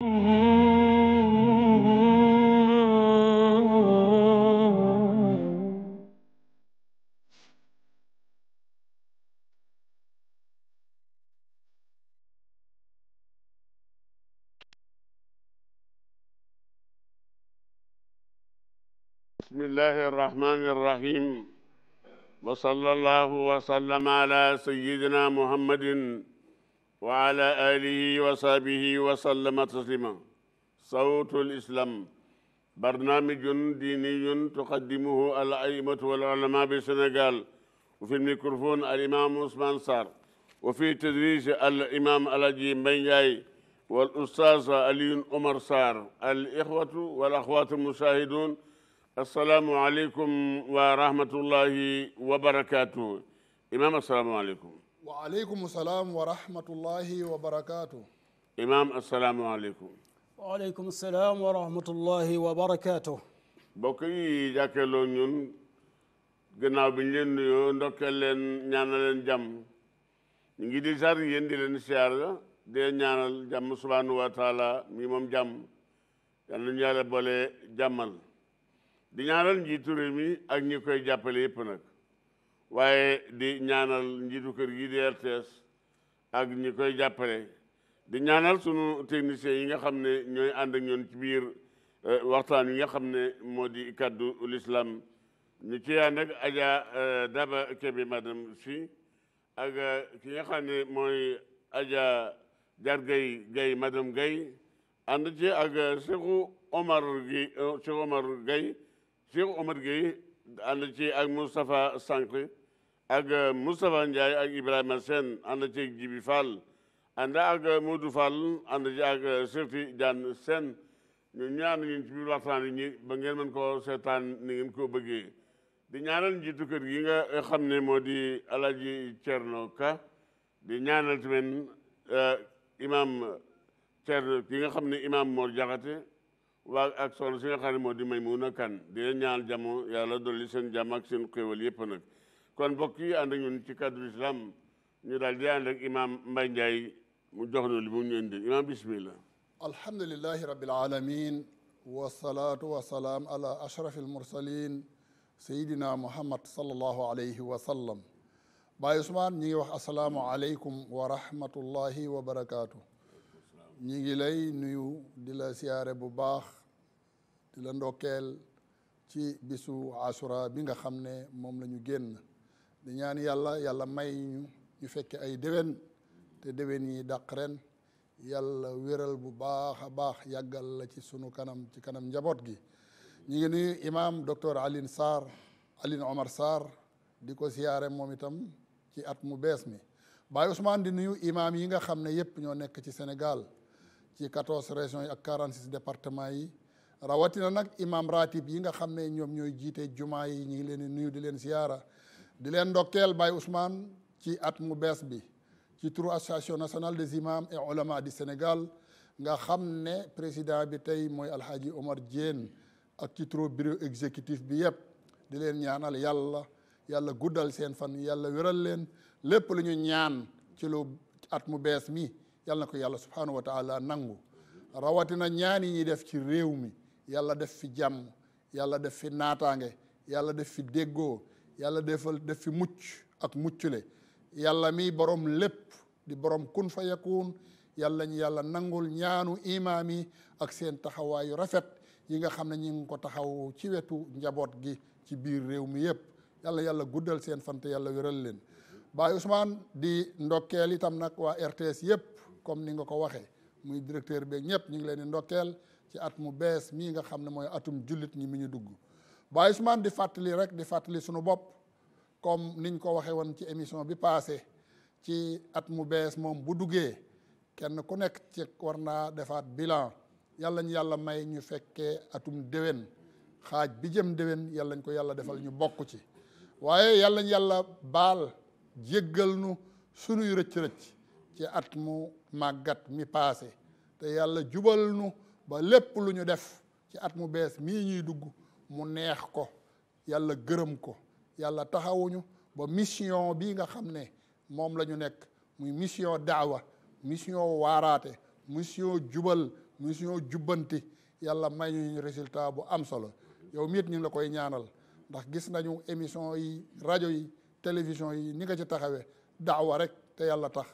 بسم الله الرحمن الرحيم وصلى الله وسلم على سيدنا محمد wa ala alihi wa sahbihi wa sallama taslima sawtul islam barnaamijun diiniyun tuqaddimuhu al aimatu wal ulama bi sénégal wa fi l microphone al imam ousmane sarr wa fi tadris al imam alaji mbay ndiaye wal oustaz aliyun omar sarr al ixwatu wal axwatu mushahidun assalaamu aleykum wa rahmatullahi wa barakatuh imam assalaamu aleykum waaleykum salaam wa rahmatullahi wa barakaatu. imaam asalaamualeykum. waaleykum salaam wa rahmatullahi wa barakaatu. mbokk yi jàkkeeloo ñun gannaaw bi ñu leen nuyoo ndokkeel leen ñaanal leen jàmm ñu ngi di sar yéen di leen siyaar di leen ñaanal jàmm subhaanahu wa taala mi moom jàmm yal nañu yàlla boole jàmmal di ñaanal njiitu réew mi ak ñi koy jàppale yëpp nag. waaye di ñaanal njiitu kër gi di RTS ak ñi koy jàppale di ñaanal sunu techniciens yi nga xam ne ñooy ànd ak ñoon ci biir eh, waxtaan yi nga xam ne moo di kaddu l'islam ñu ci ànd ak Adja eh, Daba Kébé madame si ak eh, ki nga xam ne mooy Adja Jar Gay Gay madame Gay ànd ci ak Cheikhou Omar gi Cheikh Omar Gay Cheikh Omar ak Moustapha Sank ak euh, Moustapha Ndiaye ak Ibrahima Sène ànd ci Jibi Fall ànd ak euh, Modou Fall ànd ci ak euh, Cheikh Tidiane Sène ñu ñaan ngeen ci biir waxtaan ba ngeen mën koo seetaan ni ngeen koo bëggee di ñaanal njiitu kër gi nga xam ne moo di Alaji Thierno Ka di ñaanal tamit imam Thierno ki nga xam ne imam Mor Diakhaté waa ak soxna si nga xam ne moo di Maymouna Kane di leen ñaan jàmm yàlla dolli seen jàmm ak seen xéwal yëpp nag kon mbokk yi ànd ak ñun ci cadre islam ñu daal di ànd ak imaam Mbaye Ndiaye mu jox nu li mu ñu indi imaam bismillah alhamdulillahi rabbil alamin wasalaatu wasalaam ala ashrafi almursalin sayidina muhammad sallallahu alayhi wa sallam Baay Usmaan ñi ngi wax asalaamu aleykum wa rahmatullahi wa barakaatu ñi ngi lay nuyu di la siyaare bu baax di la ndokkeel ci bisu asura bi nga xam ne moom la ñu génn di ñaan yàlla yàlla may ñu ñu fekke ay déwén te déwén yi dàq ren yàlla wéral bu baax a baax yàggal la ci sunu kanam ci kanam njaboot gi ñu ngi nuyu imaam doctor Alioune Sarr Alioune Omar Sarr di ko siyaare moom itam ci at mu bees mi Baye Ousmane di nuyu imaam yi nga xam ne yëpp ñoo nekk ci Sénégal ci quatorze régions yi ak quarante six départements yi rawatina nag imaam ratib yi nga xam ne ñoom ñooy jiite jumaa yi ñu ngi leen di nuyu di leen siyaara di leen ndokkeel Baye Ousmane ci at mu bees bi ci turu association nationale des imams et ulama du Sénégal nga xam ne président bi tey mooy Alhaji Omar Diène ak ci turu bureau exécutif bi yëpp di leen ñaanal yàlla yàlla guddal seen fan yàlla wéral leen lépp lu ñaan ci lu at mu bees mi yàlla na ko yàlla subhanahu wa nangu rawatina ñaan yi ñuy def ci réew mi yàlla def fi jàmm yàlla def fi naataange yàlla def fi déggoo yàlla defal def fi mucc ak mucc muccule yàlla mi borom lépp di borom kun fa yakun yàlla ñu yàlla nangul ñaanu imaam yi ak seen taxawaayu rafet yi nga xam ne ñi ngi ko taxaw ci wetu njaboot gi ci biir réew mi yëpp yàlla yàlla guddal seen fant yàlla wéral leen Baye Ousmane di ndokkeel itam nag waa RTS yëpp comme ni nga ko waxee muy directeur bee ñëpp ñu ngi leen di ndokkeel ci at mu bees mii nga xam ne mooy atum jullit ñi mi ñu dugg Baye Ousmane di fàttali rek di fàttali suñu bopp comme niñ ko waxee woon ci émission bi paase ci at mu bees moom bu duggee kenn ku nekk ci war naa defaat bilan yàlla ñu yàlla may ñu fekkee atum déwén xaaj bi jëm déwén yàlla ñu ko yàlla defal ñu bokk ci waaye yàlla ñu yàlla baal jéggal nu sunuy rëcc-rëcc ci at mu màggat mi paase te yàlla jubal nu ba lépp lu ñu def ci at mu bees mii ñuy dugg mu neex ko yàlla gërëm ko yàlla taxawuñu ba mission bii nga xam ne moom la ñu nekk muy mission daawa mission waaraate mission jubal mission jubbanti yàlla may ñu résultat bu am solo yow miit ñu ngi la koy ñaanal ndax gis nañu émission yi rajo yi télévision yi ni nga ci taxawee daawa rek te yàlla tax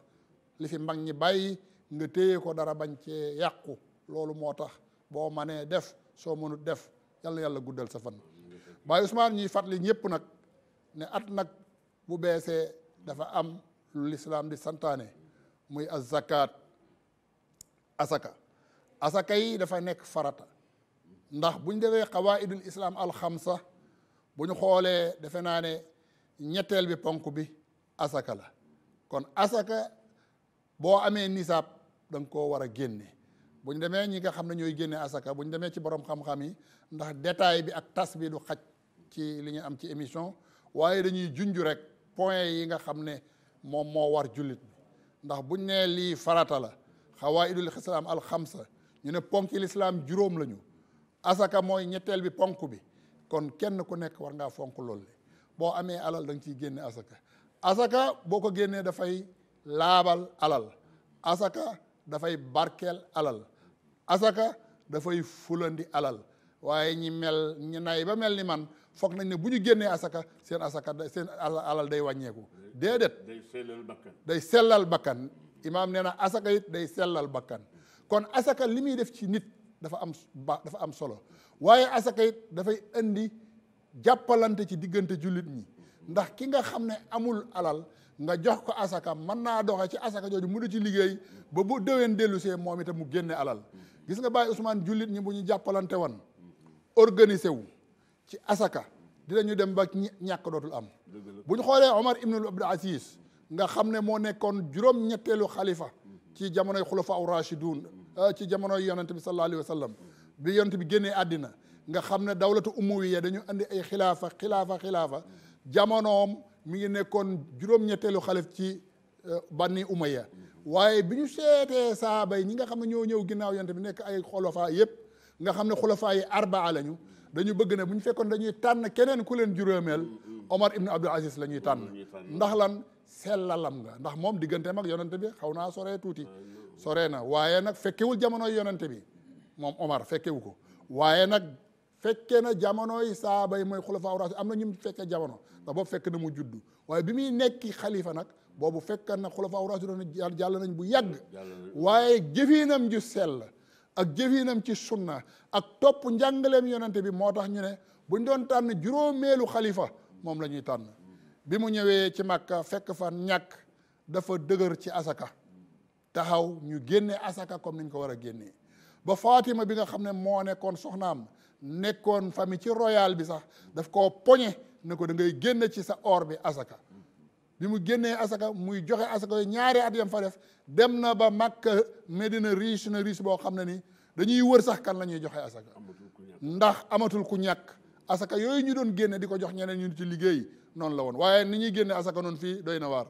li fi mag ñi bàyyi nga téye ko dara bañ cee yàqu loolu moo tax boo manee def soo mënut def yàlla yàlla guddal sa fan Baay Ousmane ñuy fàttali ñëpp nag ne at nag bu beesee dafa am lu lislaam di santaane muy azakaat asaka asaka yi dafa nekk farata ndax bu ñu defee xawaidul islaam alxam alxamsa bu ñu xoolee defe naa ne ñetteel bi ponk bi asaka la kon asaka boo amee nisaab danga nga koo war a génne bu ñu demee ñi nga xam ne ñooy génne asaka bu ñu ci borom xam-xam yi ndax détail bi ak tas bii du xaj ci li ñu am ci émission waaye dañuy junj rek point yi nga xam ne moom moo war jullit ndax buñ nee lii farata la xawaidul islaam alxamsa ñu ne ponk lislaam juróom lañu asaka mooy ñetteel bi ponk bi kon kenn ku nekk war ngaa fonk loolu boo amee alal da ciy génne asaka asaka boo ko génnee dafay laabal alal asaka dafay barkeel alal asaka dafay fulandi alal waaye ñi mel ñi nay ba mel ni man foog nañ ne bu ñu génnee asaka seen asaka seen alal day wàññeeku déedéet day sellal bakkan day sellal bakkan imaam nee na asaka it day sellal bakkan kon asaka li muy def ci nit dafa am ba dafa am solo waaye asaka it dafay indi jàppalante ci diggante jullit ñi ndax ki nga xam ne amul alal nga jox ko asaka mën naa doxe ci asaka jooju mu di ci liggéey ba bu déwén dellusee see moom itam mu génne alal gis nga bàyyi Ousmane jullit ñi bu ñu jàppalante woon organisé wu ci asaka dinañu dem ba ñàkk dootul am bu ñu xoolee Omar ibnul Abdul Aziz nga xam ne moo nekkoon juróom-ñetteelu xalifa ci jamonoy xulafa aw rachidun euh, ci jamonoy yonent bi sallallahu alayhi wa bi yonent bi génnee àddina nga xam ne dawlatu umawiya dañu andi ay xilaafa xilaafa mu ngi nekkoon juróom-ñetteelu xalif ci euh, banni umaya waaye bi ñu seetee saaba yi ñi nga xam ne ñoo ñëw ginnaaw yonent bi nekk ay xolofaa yëpp nga xam ne xolofaa yi arbaa lañu dañu bëgg ne bu ñu fekkoon dañuy tànn keneen ku leen juróomeel Omar ibn Abdul Aziz la ñuy tànn mm-hmm. Mm-hmm. Mm-hmm. ndax lan sellalam nga ndax moom digganteem mag yonent bi xaw naa soree tuuti soree na waaye nag fekkewul jamonoy yonent bi moom Omar fekkewu ko waaye nag fekkee na jamono yi saaba yi mooy xulafaa raasi am na ñu fekkee jamono ndax boobu fekk na mu juddu waaye bi muy nekki xalifa nag boobu fekk na xulafaa raasi doon jàll nañ bu yàgg waaye jëfinam ju sell ak jëfinam ci sunna ak topp njàngaleem yonente bi moo tax ñu ne buñ doon tànn juróomeelu xalifa moom la ñuy tànn bi mu ñëwee ci mag fekk fa ñàkk dafa dëgër ci asaka taxaw ñu génne asaka comme niñ ko war a génnee ba Fatima bi nga xam ne moo nekkoon soxnaam nekkoon famille ci royal bi sax def koo poñe ne ko da ngay génne ci sa or bi asaka bi mu génnee asaka muy joxe asaka yooyu ñaari at dem na ba Makka Medina riche na boo xam ne ni dañuy wër sax kan la ñuy joxe asaka ndax amatul ku ñàkk asaka yooyu ñu doon génne di ko jox ñeneen ñu ci liggéey noonu la woon waaye ni ñuy génne asaka noon fii doy na waar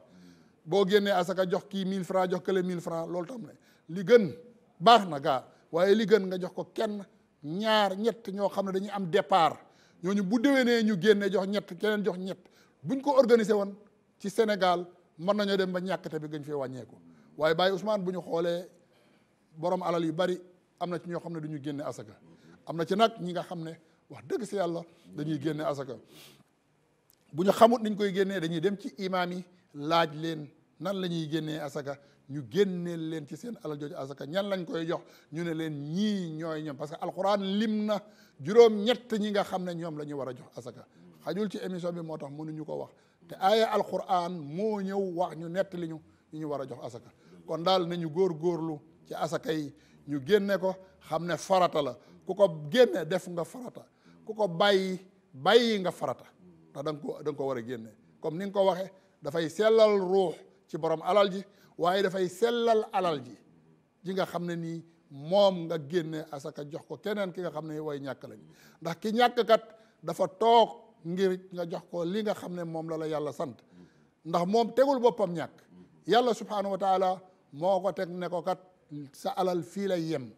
boo génnee asaka jox kii 1000 francs jox kële 1000 francs loolu tam ne li gën baax na gaa waaye li gën nga jox ko kenn ñaar ñett ñoo xam ne dañuy am départ ñooñu bu déwénee ñu génne jox ñett keneen jox ñett buñ ko organisé woon ci Sénégal mën nañoo dem ba ñàkkte bi gën fee wàññeeku waaye Baye Ousmane bu ñu xoolee borom alal yu bari am na ci ñoo xam ne du ñu génne am na ci nag ñi nga xam ne wax dëgg si yàlla dañuy génne asaka bu ñu xamut niñ koy génnee dañuy dem ci imaam yi laaj leen nan la ñuy génnee asaka ñu génneel leen ci seen alal jooju asaka ñan lañ koy jox ñu ne leen ñii ñooy ñoom parce que alxuraan lim na juróom-ñett ñi nga xam ne ñoom la ñu war a jox asaka xajul ci émission bi moo tax mënuñu ko wax te aaya alxuraan moo ñëw wax ñu nett li ñu ñu war a jox asaka kon daal nañu góor góorlu ci asaka yi ñu génne ko xam ne farata la ku ko génne def nga farata ku ko bàyyi bàyyi nga farata ndax da ko da ko war a génne comme ni nga ko waxee dafay sellal ruux ci borom alal ji waaye dafay sellal alal ji ji nga xam ne nii moom nga génne asaka jox ko keneen ki nga xam ne way ñàkk lañ ndax ki ñàkk kat dafa toog ngir nga jox ko li nga xam ne moom la la yàlla sant ndax moom tegul boppam ñàkk yàlla subhaanahu wa taala moo ko teg ne ko kat sa alal fii lay yem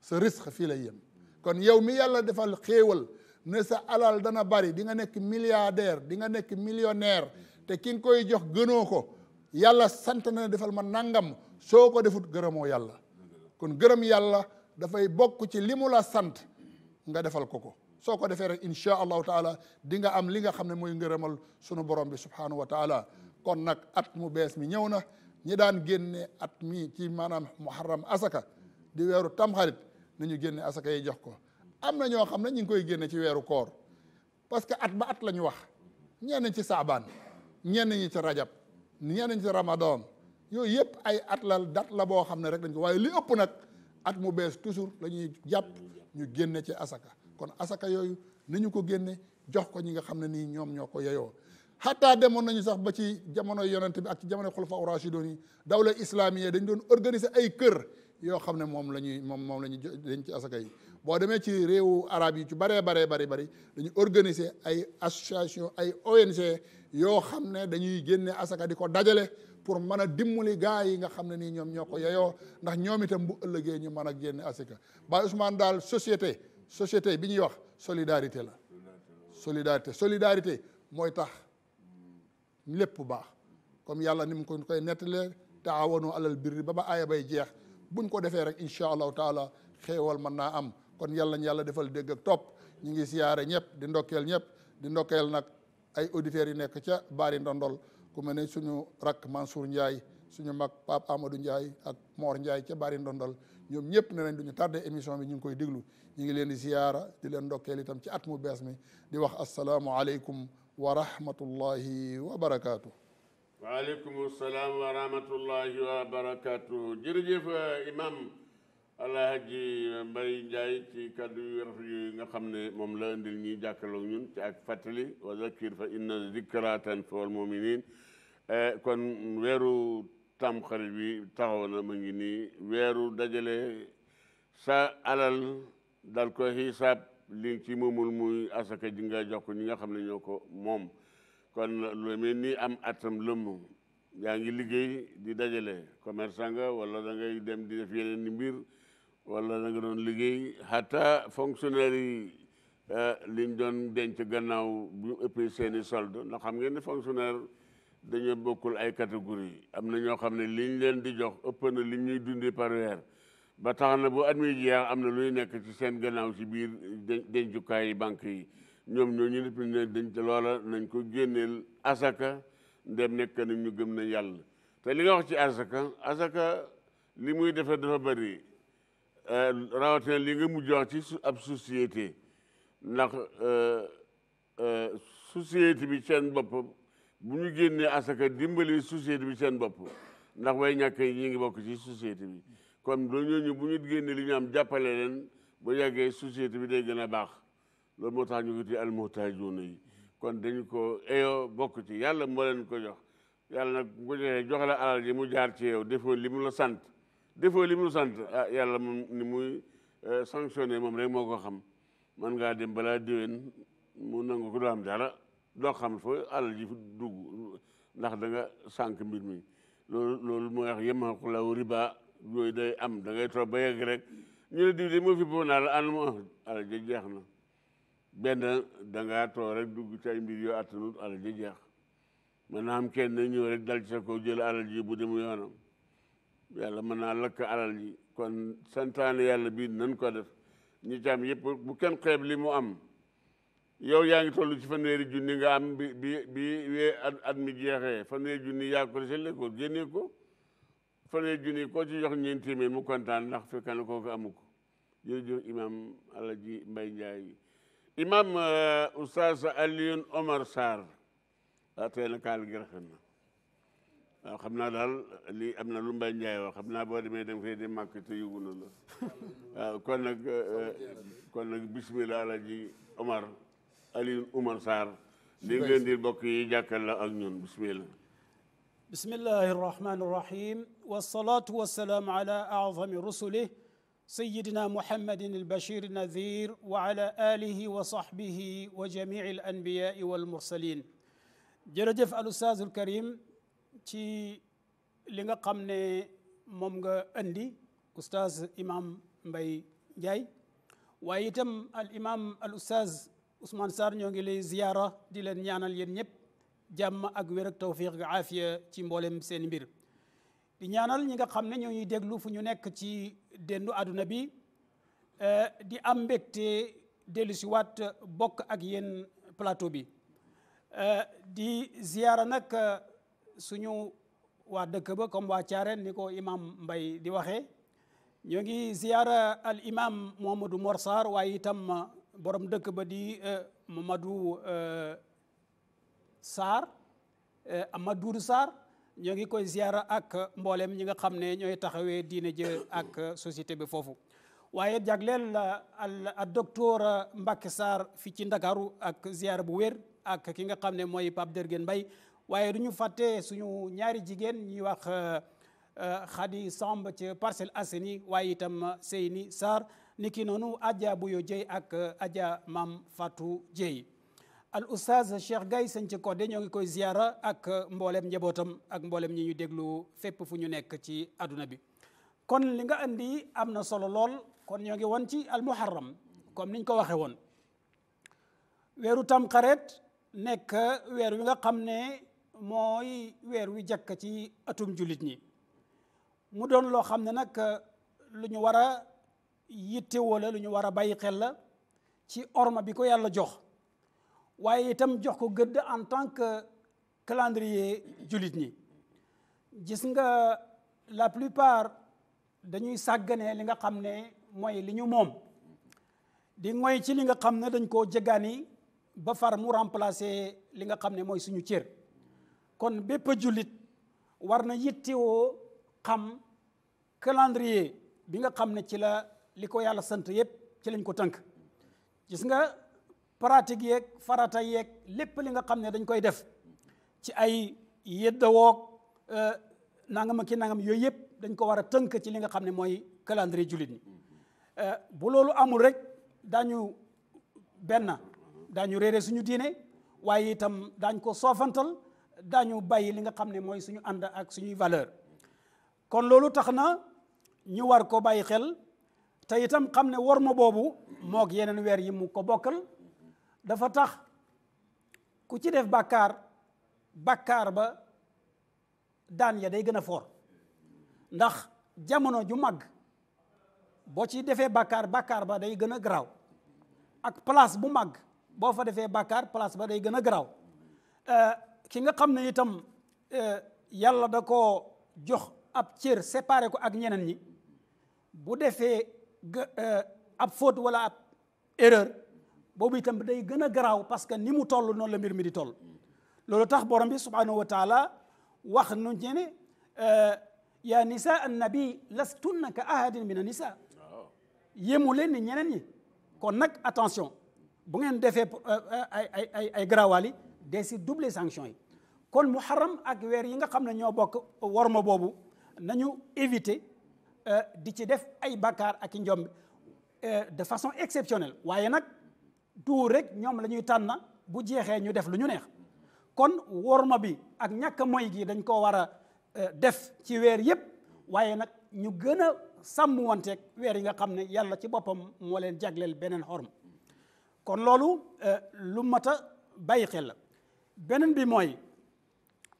sa risque fii lay yem kon yow mi yàlla defal xéewal ne sa alal dana bari di nga nekk milliardaire di nga nekk millionnaire te ki nga koy jox gënoo ko yàlla sant na defal ma nangam soo ko defut gërëmoo yàlla kon gërëm yàlla dafay bokk ci li mu la sant nga defal ko ko soo ko defee rek incha allahu taala di nga am li nga xam ne mooy ngërëmal sunu borom bi subhanahu wa taala kon nag at mu bees mi ñëw na ñi daan génne at mi ci maanaam muharram asaka di weeru tamxarit nañu génne asaka yi jox ko am na ñoo xam ne ñu ngi koy génne ci weeru koor parce que at ma at la ñu wax ñenn ñi ci saabaan ñenn ñi ci rajab ñeneen ci ramadan yooyu yëpp ay at lal date la boo xam ne rek dañ ko waaye li ëpp nag at mu bees toujours la ñuy jàpp ñu génne ci asaka kon asaka yooyu ni ñu ko génne jox ko ñi nga xam ne nii ñoom ñoo ko yeyoo xataa demoon nañu sax ba ci jamono yonent bi ak ci jamono xulafa doon yi dawla islamiye dañ doon organiser ay kër yoo xam ne moom la ñuy moom moom la ñuy dañ ci asaka yi boo demee ci réew arab yi ci baree baree bari bari dañu organiser ay association ay ONG yoo xam ne dañuy génne asaka di ko dajale pour mën a dimbali gaa yi nga xam ne nii ñoom ñoo ko yeyoo ndax ñoom itam bu ëllëgee ñu mën a génne asaka Baye Ousmane daal société société bi ñuy wax solidarité la solidarité solidarité mooy tax lépp baax comme yàlla ni mu ko koy nettalee taawanu alal birri ba ba aaya bay jeex buñ ko defee rek incha allahu taala xéewal mën naa am kon yàlla ñu yàlla defal dégg ak topp ñu ngi siyaare ñëpp di ndokkeel ñëpp di ndokkeel nag ay auditeurs yu nekk ca Bari Ndondol ku mel ne suñu rakk Mansour Ndiaye suñu mag Pape Amadou Ndiaye ak Mor Ndiaye ca Bari Ndondol ñoom ñëpp ne nañ duñu tardé émission bi ñu ngi koy déglu ñu ngi leen di ziyaara di leen ndokkeel itam ci at mu bees mi di wax asalaamualeykum wa rahmatullahi wa barakaatu. waaleykum salaam wa rahmatullahi wa barakaatu jërëjëf imam Alaaji Mbaye Ndiaye ci kàddu yu rafet yooyu nga xam ne moom la indil ñuy jàkkaloo ñun ci ak fàttali wa zakir fa inna zikra tanfa'ul mu'minin eh, kon weeru tamxarit bi taxaw na mu ngi nii weeru dajale sa alal dal ko xisaab li ci moomul muy asaka ji nga jox ko ñi nga xam ne ñoo ko moom kon lu mel ni am atam lëmm yaa ngi liggéey di dajale commerçant nga wala ngay dem di def yeneen ni mbir wala da nga doon liggéey xata fonctionnaire yi eh, liñ doon denc gannaaw bu ëppee seeni solde ndax xam ngeen ne fonctionnaire dañoo bokkul ay catégorie am na ñoo xam ne liñ leen di jox ëpp na li ñuy dundi par ba tax na bu at am na luy nekk ci seen gannaaw ci biir dencukaay banque yi ñoom ñoo ñu lépp ne loola nañ ko génneel asaka ndem nekk na ñu gëm na yàlla te li nga wax ci asaka asaka li muy defar dafa bari Euh, rawatina li nga mujj wax ci ab société ndax euh, euh, société bi seen bopp bu ñu génnee asaka dimbali société bi seen bopp ndax way ñàkk yi ñu ngi bokk ci société bi kon doo ñëw bu ñu génnee li ñu am jàppale leen bu yàggee société bi day gën a baax loolu moo tax ñu ko ti almuhtaajuuna yi kon dañ ko eyo bokk ci yàlla moo leen ko jox yàlla nag bu ko joxee jox la alal ji mu jaar ci yow defoon li mu la sant defoo li mu sant ah yàlla moom ni muy eh, sanctionné moom rek moo ko xam man ngaa dem balaa déwén mu nangu ko doo am dara doo xam foo àll ji dugg ndax da nga sànq mbir mi loolu loolu mooy wax yemmaku law riba yooyu day am dangay ngay toog ba yegg rek ñu ne diw de moo fi boo naa la àll moo àll ji jeex na benn da toog rek dugg ci ay mbir yoo attanut àll ji jeex man naa am kenn ñëw rek dal ci sa kaw jël àll ji bu dem yoonam yàlla mën naa lakk alal yi kon santaane yàlla bii nan ko def ñi ci am yëpp bu kenn xeeb li mu am yow yaa ngi toll ci fanweeri junni nga am bi bi bi wee at mi jeexee fanweeri junni yaa ko récolté ko génnee ko fanweeri junni koo ci jox ñeenti téeméer mu kontaan ndax fekk na kooku amu ko jërëjëf imam Alaji Mbay Njaay imam euh, Oustaz Alioune Omar Sarr ah tey na kaal gërëm na. waaw xam naa daal lii am na lu Mbaye Ndiaye wax xam naa boo demee da nga fay dem màkk te yóbbu na la waaw kon nag euh, kon nag bisimilah la ji Omar Alioune Oumar Sarr li ngeen di bokk yi jàkkal la ak ñun bisimilah bismillahi arrahmani irrahim walsalatu walsalaam ala acdami rusulih sayidina muhammadin albashir nadir wa ala alihi wa sahbihi wa jamici alanbiyaai walmursalin jërëjëf al ustaaz alkarim ci li nga xam ne moom nga andi oustaz imam Mbay Njaay waaye itam al imam al oustaz Ousmane Sarr ñoo ngi lay ziyaara di leen ñaanal yéen ñëpp jàmm ak wér ak tawfiq ga aafiya ci mboolem seen mbir di ñaanal ñi nga xam ne ñoo ñuy déglu fu ñu nekk ci dendu àdduna bi eh, di am mbégte dellusiwaat bokk ak yéen plateau bi eh, di ziyaara nag suñu waa dëkk ba comme waa Thiarène ni ko imam Mbay di waxe ñoo ngi ziyaara al imam Mouhamadou Mor Sarr waaye itam uh, borom dëkk ba di uh, Mamadou uh, Sarr Amadou sar ñoo ngi koy ziyaara ak mboolem ñi nga xam ne ñooy taxawee diine jë ak société bi foofu waaye jagleel al docteur Mbacke Sarr fi ci Ndakaaru ak ziyaara bu wér ak ki nga xam ne mooy Pape Dergen Mbay waaye du ñu fàtte suñu ñaari jigéen ñuy wax euh, Khady Samb ci Parcelles Assainies waaye itam Seyni ni niki noonu Adja Buyo Dieye ak Adja maam Fatou Dieye al oustaz Cheikh Gaye Sëñ ci Codé ñoo ngi koy ziara ak mboolem njabootam ak mboolem ñi ñu déglu fépp fu ñu nekk ci àdduna bi kon li nga andi am na solo lool kon ñoo ngi won ci al muharram comme niñ ko waxe woon weeru tam xaret nekk weer wi nga xam ne mooy weer wi jëkk ci atum jullit ñi mu doon loo xam ne nag lu ñu war a yittewoo lu ñu war a bàyyi xel la ci orma bi ko yàlla jox waaye itam jox ko gëdd en tant que calendrier jullit ñi gis nga la plupart dañuy sàgganee li nga xam ne mooy li ñu moom di ngoy ci li nga xam ne dañ koo jëggaani ba far mu remplacer li nga xam ne mooy suñu cër kon bépp jullit war na yittewoo xam calendrier bi nga xam ne ci la li ko yàlla sant yépp ci lañ ko tënk gis nga pratique yeeg farata yeeg lépp li nga xam ne dañ koy def ci ay yeddawoog euh, nangam ki nangam yooyu yëpp dañ ko war a tënk ci li nga xam ne mooy calendrier jullit ni euh, bu loolu amul rek daañu benn daañu réere suñu diine waaye itam dañ ko soofantal daañu bàyyi li nga xam ne mooy suñu ànd ak suñuy valeur kon loolu tax na ñu war ko bàyyi xel te itam xam ne war ma boobu moog yeneen weer yi mu ko bokkal dafa tax ku ci def bàkkaar bàkkaar ba daan ya day gën a foor ndax jamono ju mag boo ci defee bàkkaar bàkkaar ba day gën a garaaw ak place bu mag boo fa defee bàkkaar place ba day gën a garaaw euh, ki nga xam ne itam eh, yàlla da koo jox ab cër séparé ko ak ñeneen ñi bu defee eh, ab faute wala ab erreur boobu itam day gën a garaaw parce que ni mu toll noonu la mbir mi di toll loolu tax borom bi subhanahu wa taala wax nu ñe ne eh, yaa nisa annabi lastunna ka ahadin min a nisa yéemu leen ni ñeneen ñi kon nag attention bu ngeen defee ay ay ay ay garaawaali de si double sanction yi kon muharram ak weer yi nga xam ne ñoo bokk worma boobu nañu éviter euh, di ci def ay bakkaar ak i njombi euh, de façon exceptionnelle waaye nag tout rek ñoom la ñuy tànn bu jeexee ñu def lu ñu neex kon worma bi ak ñàkk moy gi dañ ko war a euh, def ci weer yépp waaye nag ñu gën a sàmm wanteeg weer yi nga xam ne yàlla ci boppam moo leen jagleel beneen xorma kon loolu lu mat a bàyyi xel la beneen bi mooy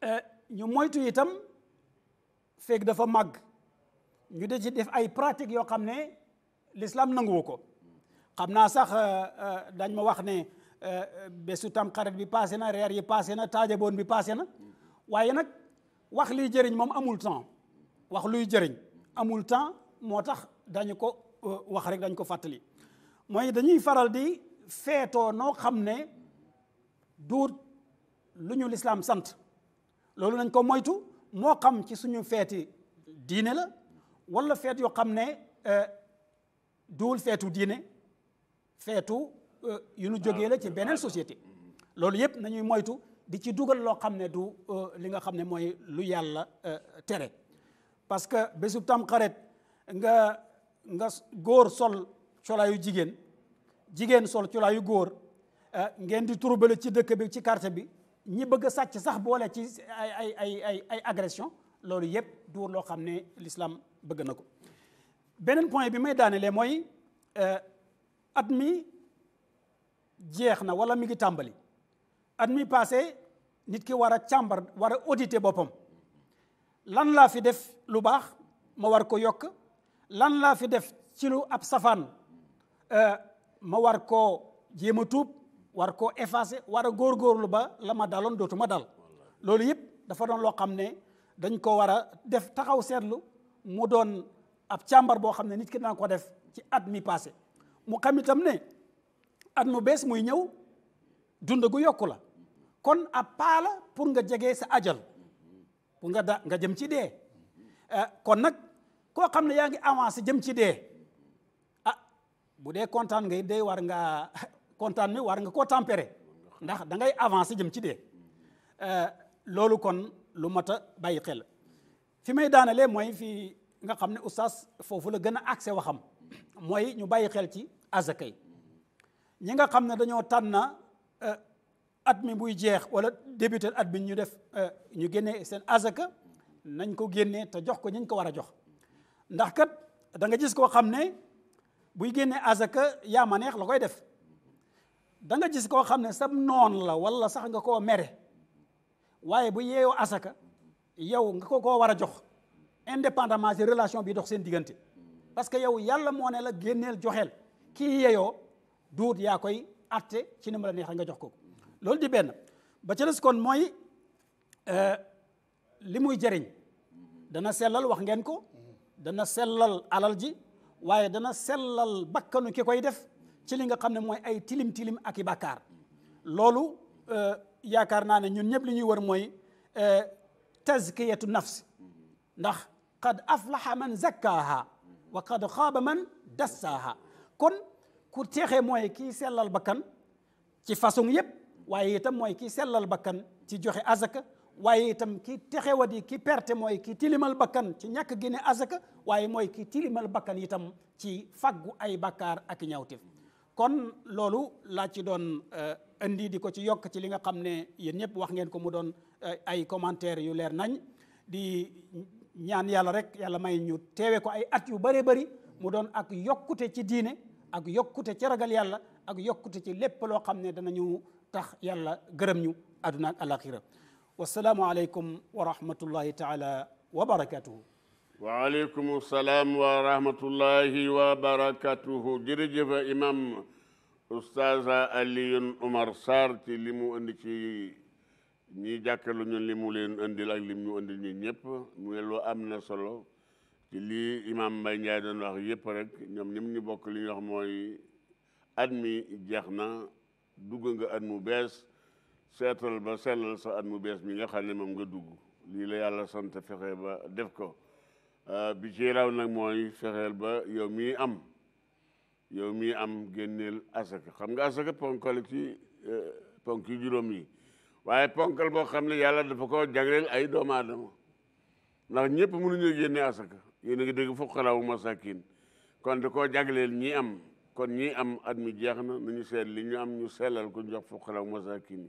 eh, ñu moytu itam feeg dafa màgg ñu de ci def ay pratique yoo xam ne l'islam nanguwu ko xam naa sax eh, eh, dañ ma wax ne bésu tam xarit bi passé na reer yi passé na taajaboon bi passé na waaye nag wax liy jëriñ moom amul temps wax luy jëriñ amul temps moo tax dañu ko wax rek dañ ko fàttali mooy dañuy faral di feetoo noo xam ne du lu ñu lislaam sant loolu nañ ko moytu moo xam ci suñu feeti diine la wala feet yoo xam ne euh, duwul feetu diine feetu euh, yu nu jógee la ci beneen société loolu yëpp nañuy moytu di ci dugal loo xam ne du euh, li nga xam ne mooy lu yàlla tere parce que bésub tam xaret nga nga góor sol colaayu jigéen jigéen sol colaayu góor ngeen di turubale ci dëkk bi ci quartier bi ñi bëgg a sàcc sax boole ci ay ay ay ay ay loolu yëpp duur loo xam ne l'islam bëgg na ko beneen point bi may daanelee mooy euh, at mi jeex na wala mi ngi tàmbali at mi passé nit ki war a càmbar war a auditer boppam lan laa fi def lu baax ma war ko yokk lan laa fi def ci lu ab safaan euh, ma war koo jéema tuub war koo effacer war a góor góorlu ba la ma daloon dootuma dal loolu yëpp dafa doon loo xam ne dañ koo war a def taxaw seetlu mu doon ab càmbar boo xam ne nit ki daan ko def ci at mi passé mu xam itam ne at mu bees muy ñëw dund yokku la kon ab paa la pour nga jege sa ajal pour nga da nga jëm ci dee eh, kon nag koo xam ne yaa ngi avancé jëm ci dee ah bu dee kontaan ngay day war nga kontaan mi war nga koo tempérer ndax da ngay avancer jëm ci dee euh, loolu kon lu mat a bàyyi xel fi may daanalee mooy fii nga xam ne oustaz foofu la gën a accès waxam mooy ñu bàyyi xel ci azakay ñi nga xam ne dañoo tànn euh, at mi buy jeex wala débuté at bi ñu def euh, ñu génnee seen azaka nañ ko génnee te jox ko ñañ ko war a jox ndax kat da nga gis koo xam ne buy génnee azaka yaama neex la koy def da nga gis koo xam ne sam noon la wala sax nga koo mere waaye bu yeeyoo asaka yow nga ko koo war a jox indépendamment ci relation bi dox seen diggante parce que yow yàlla moo ne la génneel joxeel kii yeeyoo duut yaa koy atte ci ni mu la neexee nga jox ko loolu di benn ba ca des kon mooy euh, li muy jëriñ dana sellal wax ngeen ko dana sellal alal ji waaye dana sellal bakkanu ki koy def ci li nga xam ne mooy ay tilim tilim ak i bàkkaar loolu euh, yaakaar naa ne ñun ñëpp li ñuy war mooy euh, tazkiyatu nafs ndax qad aflaha man zakkaaha wa qad xaaba man dassaaha kon ku teexee mooy ki sellal bakkan ci façon yëpp waaye itam mooy ki sellal bakkan ci joxe azaka waaye itam ki texewadi ki perte mooy ki tilimal bakkan ci ñàkk génne azaka waaye mooy ki tilimal bakkan itam ci faggu ay bakkaar ak ñawtif kon loolu laa ci doon eh, indi di ko ci yokk ci li nga xam ne yéen ñëpp wax ngeen ko mu doon eh, ay commentaire yu leer nañ di ñaan yàlla rek yàlla may ñu teewe ko ay at yu bëree bari mu doon ak yokkute ci diine ak yokkute ci ragal yàlla ak yokkute ci lépp loo xam ne danañu tax yàlla gërëm ñu àdduna ak alaxira wasalaamu aleykum wa rahmatullahi taala wa waaleykum salaam wa rahmatullahi wa barakatuhu jërëjëf imam ustaza Alioune Omar Sarr ci li mu indi ci ñi jàkkalu ñun li mu leen indil ak lim ñu indil ñu ñëpp mu ne am na solo ci lii imam Mbaye Ndiaye doon wax yëpp rek ñoom ñim ñu bokk li ñu wax mooy at mi jeex na dugg nga at mu bees seetal ba sellal sa at mu bees mi nga xam ne moom nga dugg lii la yàlla sant fexe ba def ko Euh, bi ci raw nag mooy fexeel ba yow mii am yow mii am génneel asaka xam nga asaka ponkal ci euh, ponk yi juróom yi waaye ponkal boo xam ne yàlla dafa ko jagleel ay doomu aadama ndax ñëpp mu génne asaka yéen a ngi dégg fuqaraawu masakin kon da koo jagleel ñii am kon ñii am at mi jeex na nañu seet li ñu am ñu sellal ko jox fuqaraawu masakin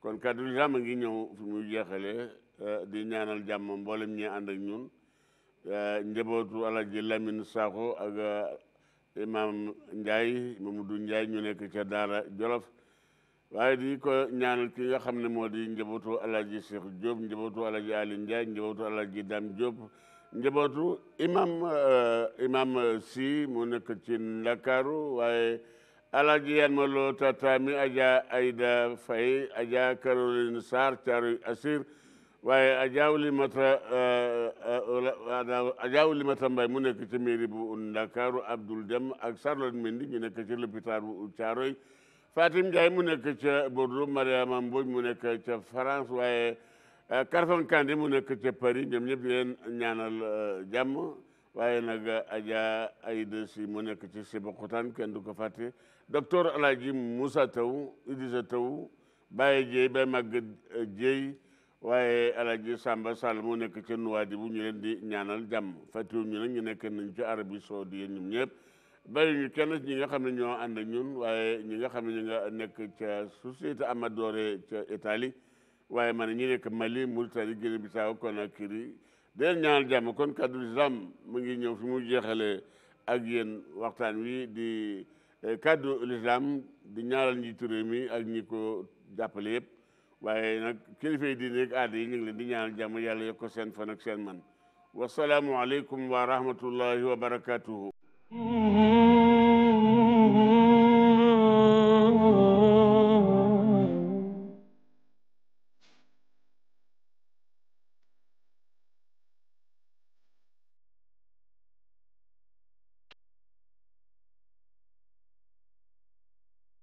kon kàddu jàmm a ngi ñëw fi mu jeexale euh, di ñaanal jàmm mboolem ñi ànd ak ñun Eh, njabootu alaji Lamine Sakho ak eh, imam mu Mamadou Ndiaye ñu nekk ca Daara Jolof waaye di ko ñaanal ki nga xam ne moo di njabootu alaji Cheikh Diop njabootu alaji Ali Ndiaye njabootu alaji Dame Diop njabootu imam eh, imam si mu nekk ci Ndakaaru waaye alaji yan ma loo tataami aja Aida Faye aja Caroline Sarr Thiaroye Assire waaye ajaawuli mata ajaawuli mata mbay mu nekk ci mairie bu ndakaaru abdoul dem ak sarlot mendi ñu nekk ci l'hôpital bu caaroy fatim ndiaye mu nekk ca bordeaux mariama mbodj mu nekk ca france waaye karfan kande mu nekk ca paris ñoom ñëpp leen jàmm waaye nag aja aida si mu nekk ci sibakotaan kenn du ko fàtte docteur alaaji musa taw idrissa taw baye jéy bay màgg jéy waaye alaji Samba Sall moo nekk ca Nouadhibou ñu leen di ñaanal jàmm fàttiwu ñu nag ñu nekk nañ ci Arabie Saoudite ñoom ñëpp bari ñu kenn ñi nga xam ne ñoo ànd ñun waaye ñi nga xam ne ñu nga nekk ca société Amadore ca Italie waaye man ñi nekk Mali Mauritanie Guinée Bissau di den ñaanal jàmm kon kaddu l'islam mu ngi ñëw fi mu jeexale ak yéen waxtaan wi di eh, kaddu l'islam di ñaanal njiitu réew mi ak ñi ko jàppale yëpp waaye nag kilifa yi diine ak aada yi ñu ngi leen di ñaanal jàmm yàlla yokk ko seen fan ak seen man wasalaamualeykum wa rahmatullahi wa barakatuhu